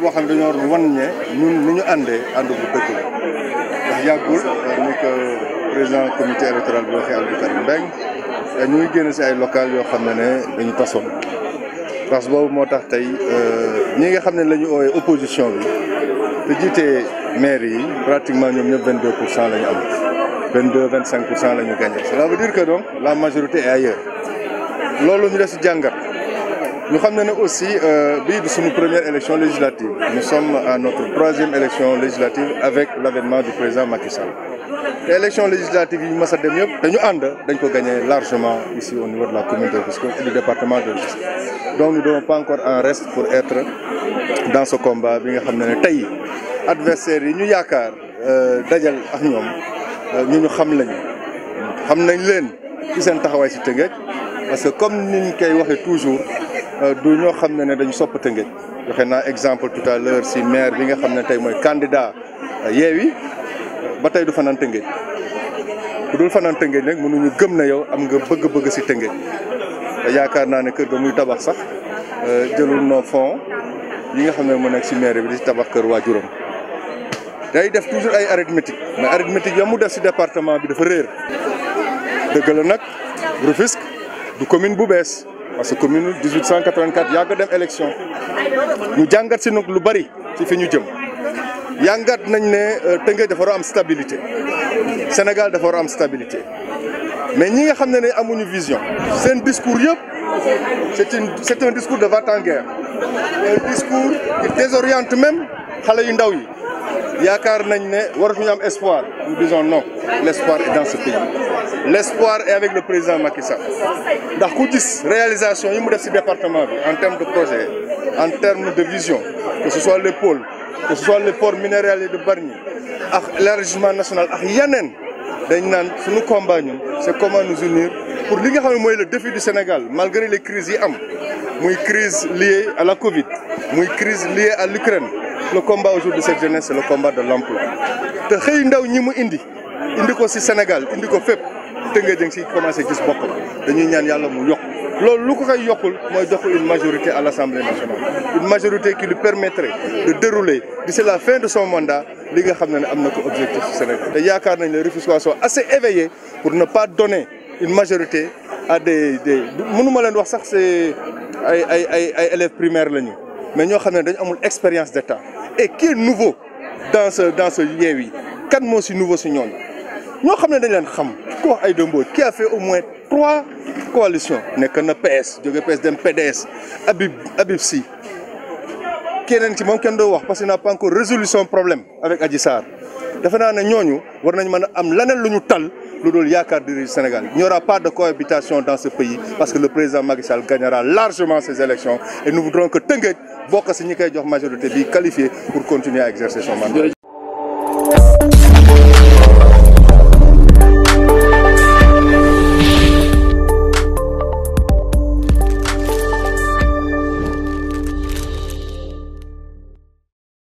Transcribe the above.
boo xam ne dañoo wan ne nu ñu àndee ànd bu dëgg la yàggul président comité électoral bi waxee Abdou Karim Mbengue te ñu génn si ay local yoo xam ne ne dañu tasoon parce que boobu moo tax tey euh, ñi nga xam ne la ñu ooyee opposition bi te jiitee maire yi pratiquement ñoom ñëpp 22 pour cent lañu ñu am 22 25 pour cent la ñu gagné cela veut dire que donc la majorité est ailleurs loolu ñu def si jàngat Nous sommes aussi bii du nos première élection législative nous sommes à notre troisième élection législative avec l'avènement du président Macky Sall L'élection législative yi avons dem gagné largement ici au niveau de la commune de Rufisque et du département de Rufisque donc nous n'avons pas encore un reste pour être dans ce combat Nous nga un adversaire, nous avons un yi ñu avons euh, dajal ak nous euh, ñu ñu xam Nous avons nañ adversaire, ci parce que comme nous avons toujours Euh, du ñoo xam ne ne dañu sopp tëngëj joxe naa exemple tout à l'heure si maire bi nga xam ne tey mooy candidat euh, yeewi ba tey du fanaan tëngëj bu dul fanaan tëngëj nag mënuñu gëm na yow am nga bëgg-bëgg si tëngëj yaakaar naa ne kër ga muy tabax sax euh, jëlul non fond yi nga xam ne mu nekk si maire bi di si tabax kër waajuram day def toujours ay arithmétique mais arithmétique ya mu def si département bi dafa réer dëgg la nag Rufisque du commune bu bees parce que commune 1884 il dem élection ñu jangat Nous avons lu bari ci fi ñu jëm yangat nañ né euh, Tëngéej dafa a am stabilité Sénégal dafa stabilité mais ñi nga xamné né amuñu vision discours yëpp c'est une c'est un discours de va ans en guerre un discours qui désoriente même xalé yu il nañ espoir nous disons non l'espoir est dans ce pays L'espoir est avec le président Macky Sall ndax réalisation yi mu def département en termes de projet en termes de vision que ce soit le pôle, que ce soit les ports minéral de Barnier, ak national ak yenen dañ suñu combat c'est comment nous unir pour li le défi du Sénégal malgré les crises yi am une crise liée à la Covid une crise liée à l'Ukraine le combat aujourd'hui de cette jeunesse c'est le combat de l'emploi te xey ndaw ñi mu indi indi ko ci Sénégal indi ko fep te da nga si commencé gis ont dañuy ñaan Yalla mu yok loolu lu ko koy yokkul il faut une majorité à l'Assemblée nationale une majorité qui lui permettrait de dérouler d'ici la fin de son mandat li nga xamné ne Il ko objectif Sénégal te yaakaar nañ le sont assez éveillés pour ne pas donner une majorité à des des mënuma leen wax sax c'est ay ay ay élèves primaires mais nous avons une dañu amul expérience d'État et qui est nouveau dans ce dans ce Yewwi kan mot si nouveau si ñooñu ñoo xam ne dañ leen xam wax qui a fait au moins trois coalitions nekk na PS jóge PS dem PDS Habib Habib Sy keneen ci moom kenn wax parce qu'il n'a pas encore résolu son problème avec Adji Sarr defe naa ne ñooñu war nañ mën a am leneen lu tal du Sénégal. Il n'y aura pas de cohabitation dans ce pays parce que le président Macky gagnera largement ces élections et nous voudrons que Tenguet, Bokassi Nikaï majorité qualifiée pour continuer à exercer son mandat.